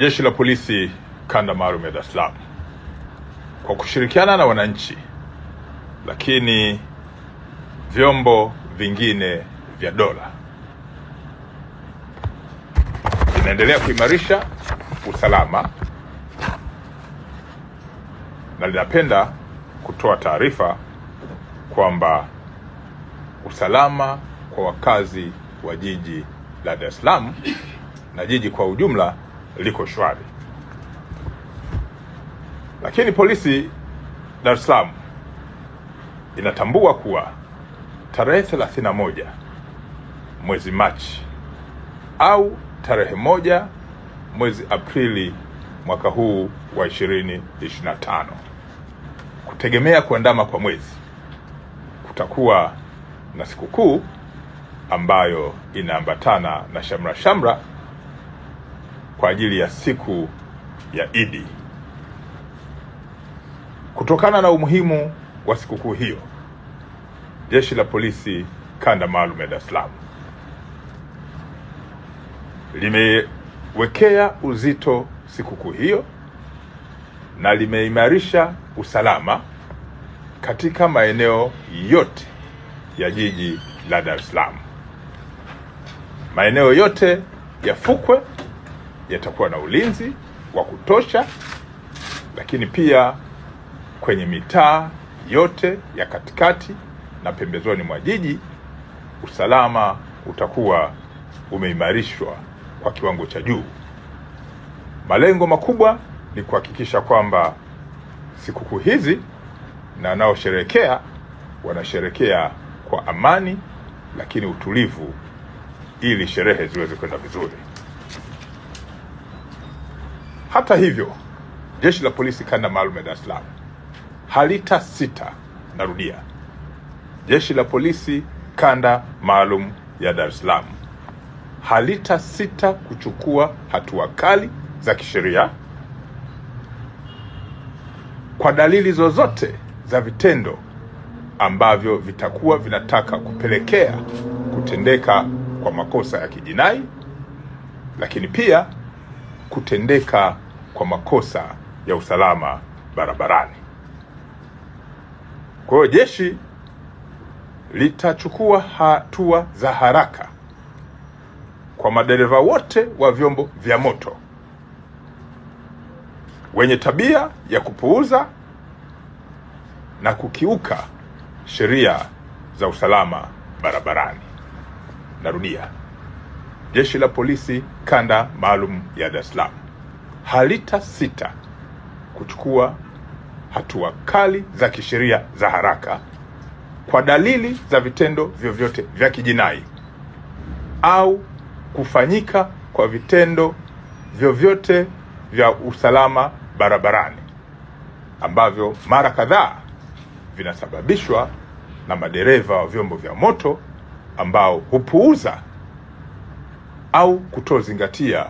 Jeshi la Polisi kanda maalum ya Dar es Salaam kwa kushirikiana na wananchi, lakini vyombo vingine vya dola linaendelea kuimarisha usalama na linapenda kutoa taarifa kwamba usalama kwa wakazi wa jiji la Dar es Salaam na jiji kwa ujumla liko shwari, lakini polisi Dar es Salaam inatambua kuwa tarehe 31 mwezi Machi au tarehe moja mwezi Aprili mwaka huu wa 2025 kutegemea kuandama kwa mwezi kutakuwa na sikukuu ambayo inaambatana na shamra shamra kwa ajili ya siku ya Idi. Kutokana na umuhimu wa sikukuu hiyo, Jeshi la Polisi Kanda Maalum ya Dar es Salaam limewekea uzito sikukuu hiyo na limeimarisha usalama katika maeneo yote ya jiji la Dar es Salaam. Maeneo yote ya fukwe yatakuwa na ulinzi wa kutosha, lakini pia kwenye mitaa yote ya katikati na pembezoni mwa jiji usalama utakuwa umeimarishwa kwa kiwango cha juu. Malengo makubwa ni kuhakikisha kwamba sikukuu hizi na wanaosherekea wanasherekea kwa amani, lakini utulivu, ili sherehe ziweze kwenda vizuri. Hata hivyo, jeshi la polisi kanda maalum ya Dar es Salaam halita sita, narudia, jeshi la polisi kanda maalum ya Dar es Salaam halita sita kuchukua hatua kali za kisheria kwa dalili zozote za vitendo ambavyo vitakuwa vinataka kupelekea kutendeka kwa makosa ya kijinai, lakini pia kutendeka kwa makosa ya usalama barabarani. Kwa hiyo jeshi litachukua hatua za haraka kwa madereva wote wa vyombo vya moto wenye tabia ya kupuuza na kukiuka sheria za usalama barabarani. Narudia jeshi la polisi kanda maalum ya Dar es Salaam sita kuchukua hatua kali za kisheria za haraka kwa dalili za vitendo vyovyote vya kijinai au kufanyika kwa vitendo vyovyote vya usalama barabarani ambavyo mara kadhaa vinasababishwa na madereva wa vyombo vya moto ambao hupuuza au kutozingatia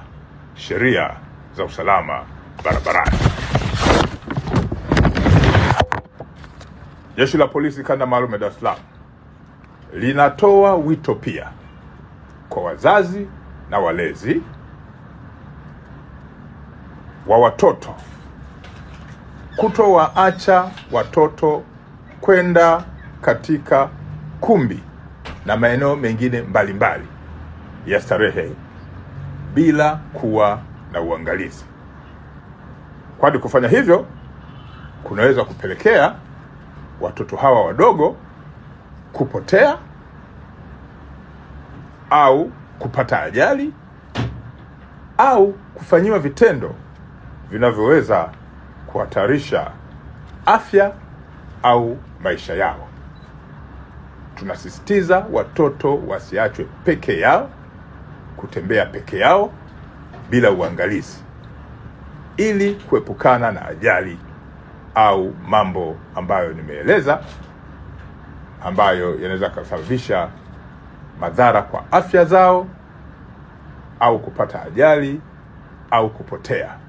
sheria za usalama barabarani. Jeshi la Polisi Kanda Maalum ya Dar es Salaam linatoa wito pia kwa wazazi na walezi wa watoto kutowaacha watoto kwenda katika kumbi na maeneo mengine mbalimbali mbali ya starehe bila kuwa na uangalizi, kwani kufanya hivyo kunaweza kupelekea watoto hawa wadogo kupotea au kupata ajali au kufanyiwa vitendo vinavyoweza kuhatarisha afya au maisha yao. Tunasisitiza watoto wasiachwe peke yao kutembea peke yao bila uangalizi ili kuepukana na ajali au mambo ambayo nimeeleza ambayo yanaweza kusababisha madhara kwa afya zao au kupata ajali au kupotea.